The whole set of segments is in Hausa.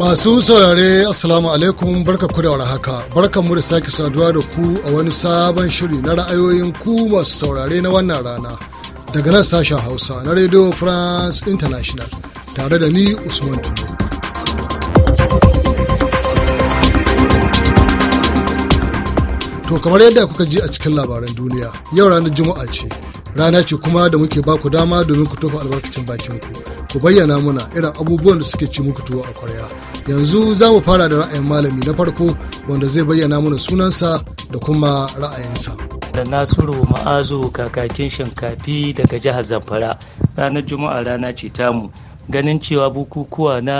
Masu saurare asalamu alaikum barka ku da warhaka mu da sake saduwa da ku a wani sabon shiri na ra'ayoyin ku masu saurare na wannan rana daga nan sashen Hausa na Radio France International tare da ni Usman Tulu. To kamar yadda kuka ji a cikin labaran duniya yau ranar Juma'a ce rana ce kuma da muke ba ku dama domin ku tofa albarkacin bakin ku ku bayyana muna irin abubuwan da suke ci muku tuwo a kwarya yanzu za mu fara da ra'ayin malami na farko wanda zai bayyana mana sunansa da kuma ra'ayinsa da nasiru ma'azu kakakin shinkafi daga jihar zamfara ranar juma'a rana ce tamu ganin cewa bukukuwa na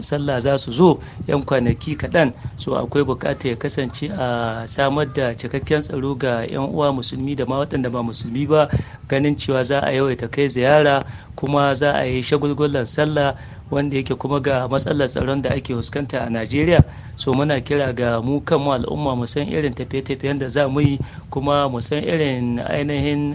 sallah za su zo 'yan kwanaki kaɗan so akwai buƙatar ya kasance a samar da cikakken tsaro ga 'yan uwa musulmi da ma waɗanda ba musulmi ba ganin cewa za a yawaita kai ziyara kuma za a yi shagulgulan sallah wanda yake kuma ga matsalar tsaron da ake fuskanta a najeriya so muna kira ga mu mu al'umma mu san irin tafiye-tafiyen da za mu yi kuma mu san irin ainihin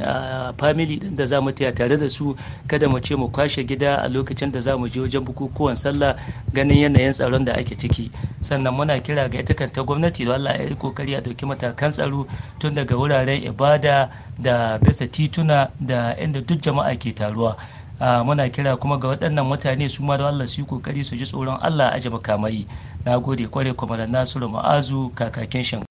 family din da za mu taya tare da su kada mu ce mu kwashe gida a lokacin da za mu je wajen bukukuwan sallah ganin yanayin tsaron da ake ciki sannan muna kira ga ita kanta gwamnati da Allah ya yi kokari a ɗauki matakan tsaro tun daga wuraren ibada da bisa tituna da inda duk jama'a ke taruwa muna kira kuma ga waɗannan mutane su ma da Allah su yi kokari su ji tsoron Allah ji makamai na gode kware da nasiru ma'azu kakakin shan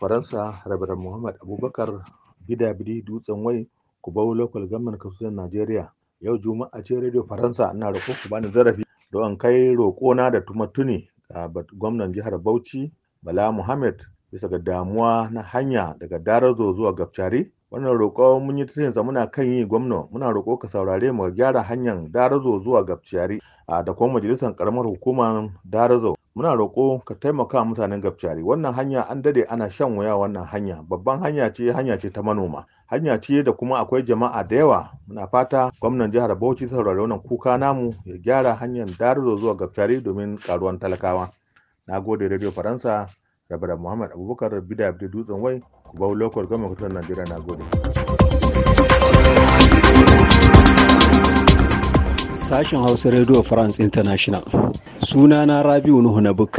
faransa rabar muhammad abubakar bidi dutsen wai ku bau local government kasuwan najeriya yau juma'a ce radio faransa ina roƙo ku bani zarafi don kai roƙona da tumatuni ga gwamnan jihar bauchi bala muhammad bisa ga damuwa na hanya daga darazo zuwa gabcari wannan roƙo mun yi sa muna kan yi gwamna muna roƙo ka saurare mu gyara hanyar darazo zuwa gabciyari a da kuma majalisar karamar hukumar darazo muna roƙo ka taimaka mutanen gabciyari wannan hanya an dade ana shan wuya wannan hanya babban hanya ce hanya ce ta manoma hanya ce da kuma akwai jama'a da yawa muna fata gwamnan jihar bauchi saurare wannan kuka namu ya gyara hanyar darazo zuwa gabciyari domin karuwan talakawa na gode radio faransa Rabada Muhammad Abubakar Bida Abdi Dutsen Wai, Kubau Lokal Gwamnan Kutar Najeriya na gode. Sashen Hausa Radio France International. Sunana Rabiu Nuhu nabuk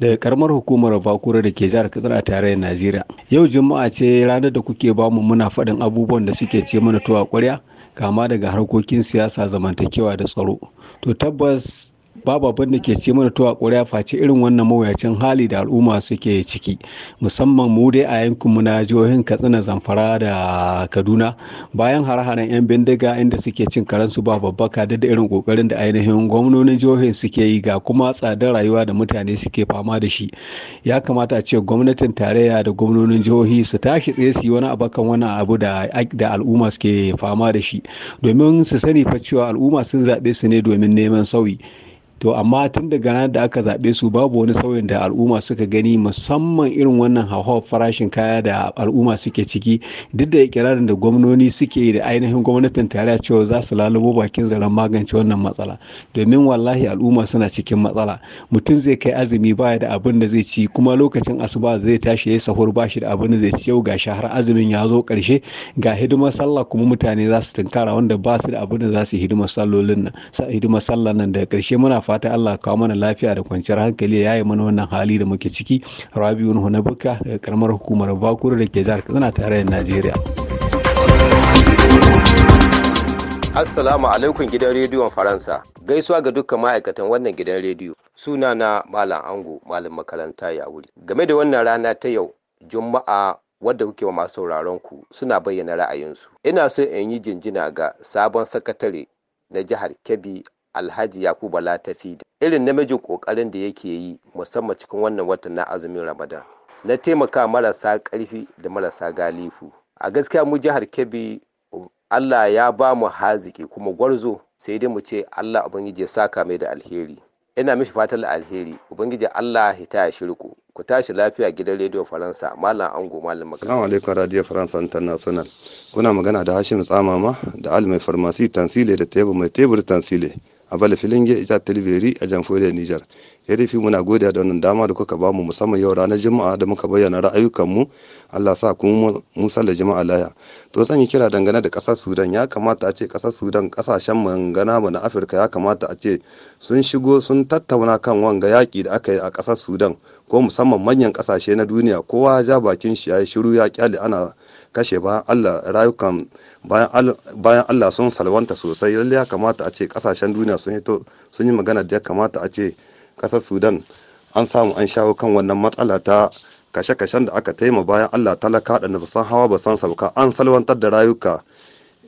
daga karamar hukumar bakura da ke jihar katsina a tarayyar najeriya yau juma'a ce ranar da kuke bamu muna faɗin abubuwan da suke ce mana tuwa kwarya kama daga harkokin siyasa zamantakewa da tsaro to tabbas babu abin da ke ce mana tuwa ƙuriya face irin wannan mawuyacin hali da al'umma suke ciki musamman mu dai a yankin mu na jihohin katsina zamfara da kaduna bayan hare-haren yan bindiga inda suke cin karansu ba babbaka da irin kokarin da ainihin gwamnonin jihohin suke yi ga kuma tsadar rayuwa da mutane suke fama da shi ya kamata a ce gwamnatin tarayya da gwamnonin jihohi su tashi tsaye su yi wani kan wani abu da al'umma suke fama da shi domin su sani fa cewa al'umma sun zaɓe su ne domin neman sauyi to amma tun daga ranar da aka zaɓe su babu wani sauyin da al'umma suka gani musamman irin wannan hauhawar farashin kaya da al'umma suke ciki duk da ikirarin da gwamnoni suke da ainihin gwamnatin tarayya cewa za su lalubo bakin zaren magance wannan matsala domin wallahi al'umma suna cikin matsala mutum zai kai azumi baya da abin da zai ci kuma lokacin asuba zai tashi ya sahur bashi da abin da zai ci yau gashi har azumin ya zo karshe ga hidimar sallah kuma mutane za su tunkara wanda ba su da abin da za su hidimar sallolin nan hidimar sallah nan daga karshe muna fatan Allah kawo mana lafiya da kwanciyar hankali ya yi mana wannan hali da muke ciki Rabiu Hunabuka daga karamar hukumar Bakuru da ke jihar Katsina tarayyar Najeriya. Assalamu alaikum gidan rediyon Faransa. Gaisuwa ga dukkan ma'aikatan wannan gidan rediyo. Suna na Malam Ango, Malam makaranta ya wuri. Game da wannan rana ta yau, Juma'a wadda kuke wa masu sauraron ku suna bayyana ra'ayinsu. Ina so in yi jinjina ga sabon sakatare na jihar Kebbi alhaji yakubu latafi irin namijin kokarin da yake yi musamman cikin wannan watan na azumin ramadan na taimaka marasa karfi da marasa galifu a gaskiya mu jihar kebbi allah ya ba mu haziki kuma gwarzo sai dai mu ce allah ubangiji ya saka mai da alheri ina mishi fatan alheri ubangiji allah ya taya shirku ku tashi lafiya gidan rediyo faransa malam ango malam maka salamu alaikum radio faransa international kuna magana da hashim tsamama da al mai farmasi tansile da tebur mai tebur tansile a bala filinge ita talibiri a jamhuriyar nijar ya rufi muna godiya da wannan dama da kuka bamu musamman yau ranar juma'a da muka bayyana ra'ayukanmu allah sa kuma musa da jama'a laya to zan kira dangane da kasar sudan ya kamata a ce kasar sudan kasashen mangana mu na afirka ya kamata a ce sun shigo sun tattauna kan wanga yaƙi da aka yi a kasar sudan ko musamman manyan kasashe na duniya kowa ja bakin shi ya shiru ya kyale ana kashe ba allah rayukan bayan Allah sun salwanta sosai lalle ya kamata a ce kasashen duniya sun sun yi magana da ya kamata a ce kasar Sudan an samu an shawo kan wannan matsala ta kashe-kashen da aka taima bayan Allah talaka da san hawa ba san sauka an salwantar da rayuka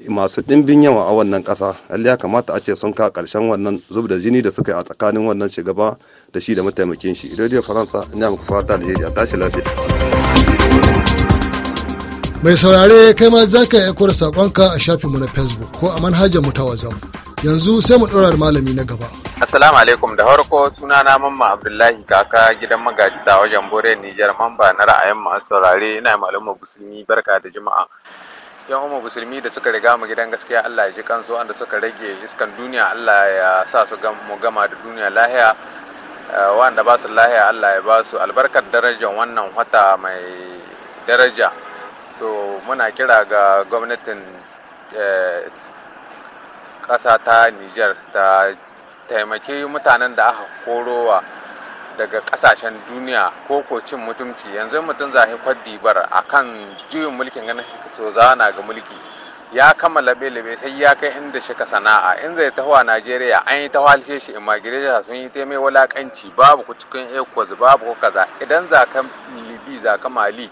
masu ɗimbin yawa a wannan ƙasa lalle ya kamata a ce sun ka ƙarshen wannan zub da jini da suka yi a tsakanin wannan shugaba da shi da mataimakin shi radio faransa ina muku fata alheri da tashi lafiya mai saurare kai ma za ka aiko da saƙonka a shafinmu na facebook ko a manhajar mu ta wazau yanzu sai mu ɗorar malami na gaba Assalamu alaikum da harko suna na mamma Abdullahi kaka gidan magaji ta wajen Bore Nijar mamba na ra'ayin masu saurare ina malamu musulmi barka da juma'a. yan umar musulmi da suka riga mu gidan gaskiya Allah ya ji kansu wanda suka rage iskan duniya Allah ya sa su mu gama da duniya lahiya eh, wanda ba su lahiya Allah ya ba su albarkar darajar wannan wata mai daraja to muna kira ga gwamnatin eh, ƙasa ta niger ta taimaki mutanen da aka korowa daga ƙasashen duniya ko ko cin mutunci. yanzu mutum zahi kwadibar a kan juyin mulkin ganin so na ga mulki ya kama labe-labe sai ya kai inda shi ka sana'a in zai taho a najeriya an yi ta halshe shi immigration sun yi taimai wulakanci babu ku cikin ecos babu ku kaza idan za ka libi za ka mali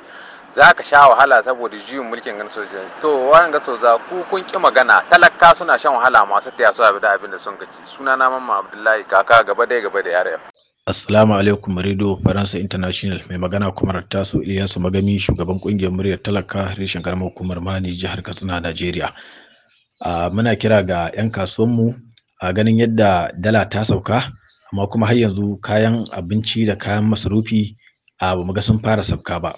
za ka sha wahala saboda juyin mulkin gan soja to wani ga soja ku kun ki magana talaka suna shan wahala masu taya su abin da abin da sun gaci suna na mamma abdullahi kaka gaba dai gaba da yare Assalamu alaikum rido Faransa International mai magana kuma taso Ilyasu Magami shugaban kungiyar muryar talaka reshen karamar hukumar Mani jihar Katsina Najeriya. Uh, muna kira ga 'yan kasuwanmu a ganin yadda dala ta sauka amma kuma har yanzu kayan abinci da kayan masarufi a uh, ba mu ga sun fara sauka ba.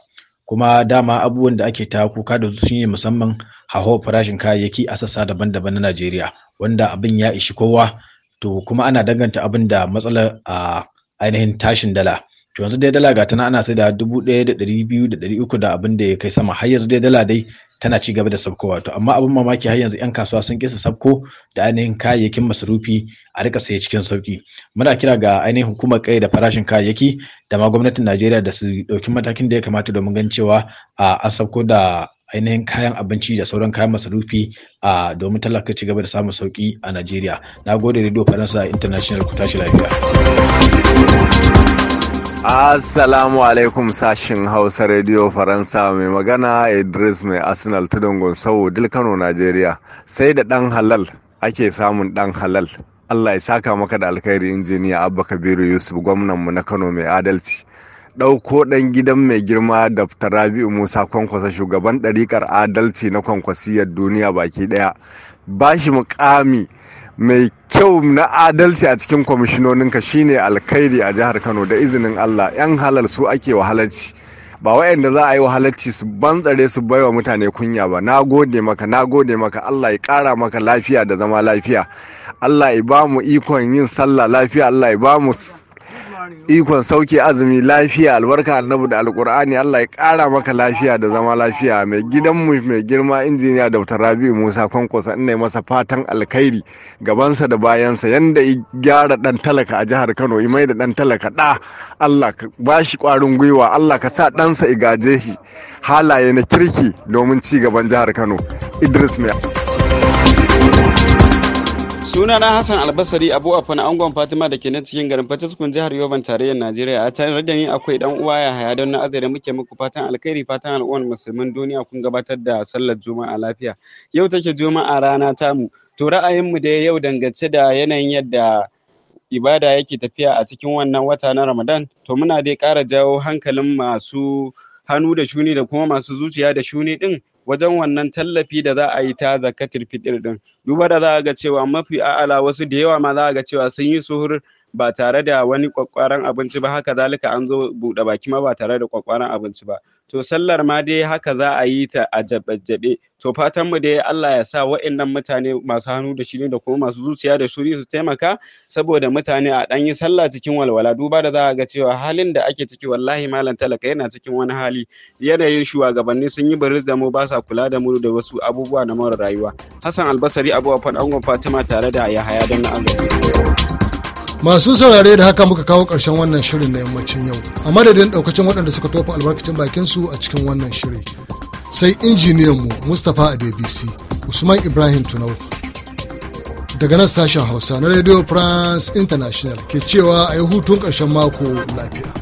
kuma dama abubuwan da ake ta kuka da su sun yi musamman hawa farashin kayayyaki a sassa daban-daban na Najeriya wanda abin ya ishi kowa to kuma ana danganta abin da matsalar a ainihin tashin dala to yanzu dai dala ga tana ana sai da dubu ɗaya da ɗari biyu da ɗari uku da abin da ya kai sama har yanzu dai dala dai tana ci gaba da sabkowa to amma abin mamaki har yanzu 'yan kasuwa sun kisa sabko da ainihin kayayyakin masarufi a rika saye cikin sauki muna kira ga ainihin hukumar kai da farashin kayayyaki da ma gwamnatin najeriya da su ɗauki matakin da ya kamata domin gan cewa a sabko da ainihin kayan abinci da sauran kayan masarufi a domin talaka ci gaba da samun sauki a najeriya na gode radio faransa international ku tashi lafiya Assalamu alaikum sashin Hausa Radio Faransa mai magana Idris mai Arsenal tudun Gonsawo Dilkano Najeriya sai da ɗan halal ake samun ɗan halal. Allah ya saka maka da alkhairi injiniya Abba Kabiru Yusuf gwamnanmu na Kano mai adalci. Ɗauko ɗan gidan mai girma Dr. Rabi'u Musa Kwankwasa shugaban ɗariƙar adalci na kwankwasiyar duniya baki ɗaya. Bashi mukami. mai kyau na adalci a cikin kwamishinoninka shine alkhairi a jihar kano da izinin allah yan halal su ake wahalarci ba waɗanda za a yi wahalarci su bantsare su baiwa mutane kunya ba na gode maka na gode maka allah ya kara maka lafiya da zama lafiya allah ya ba mu ikon yin sallah lafiya allah ya ba mu ikon sauke azumi lafiya albarka annabu da alkur'ani allah ya kara maka lafiya da zama lafiya mai gidanmu mai girma injiniya dr rabi'u musa kwankwasa ina masa fatan alkhairi gabansa da bayansa yanda ya gyara dan talaka a jihar kano ya mai da dan talaka da allah ka bashi kwarin gwiwa allah ka sa ɗansa gaje shi halaye na kirki domin ci gaban jihar kano idris mai suna na hassan albasari abu afan angon fatima da ke na cikin garin fataskun jihar yoban tarayyar najeriya a tare da ni akwai dan uwa ya haya don na azare muke muku fatan alkhairi fatan al'uwan musulmin duniya kun gabatar da sallar juma'a lafiya yau take juma'a rana tamu to ra'ayin ra'ayinmu da yau dangance da yanayin yadda ibada yake tafiya a cikin wannan wata na ramadan to muna dai kara jawo hankalin masu hannu da shuni da kuma masu zuciya da shuni din wajen wannan tallafi da za a yi ta zakatul fitr din duba da za a ga cewa mafi a'ala wasu da yawa ma za ga cewa sun yi suhur ba tare da wani kwakwaran abinci ba haka zalika an zo buɗe baki ma ba tare da kwakwaran abinci ba to sallar ma dai haka za a yi ta a jabe-jabe. to fatan mu dai Allah ya sa waɗannan mutane masu hannu da shi da kuma masu zuciya da shuri su taimaka saboda mutane a dan yi sallah cikin walwala duba da za ga cewa halin da ake ciki wallahi malam talaka yana cikin wani hali yanayin shugabanni sun yi bari da mu ba sa kula da mu da wasu abubuwa na mara rayuwa Hassan Albasari Abu Afan Angon Fatima tare da Yahaya dan Amurka masu saurare da haka muka kawo ƙarshen wannan shirin na yammacin yau a madadin ɗaukacin waɗanda suka tofa albarkacin bakin su a cikin wannan shiri sai injiniyan mu mustapha adebisi usman ibrahim tunau daga nan sashen hausa na radio france international ke cewa a yi hutun ƙarshen mako lafiya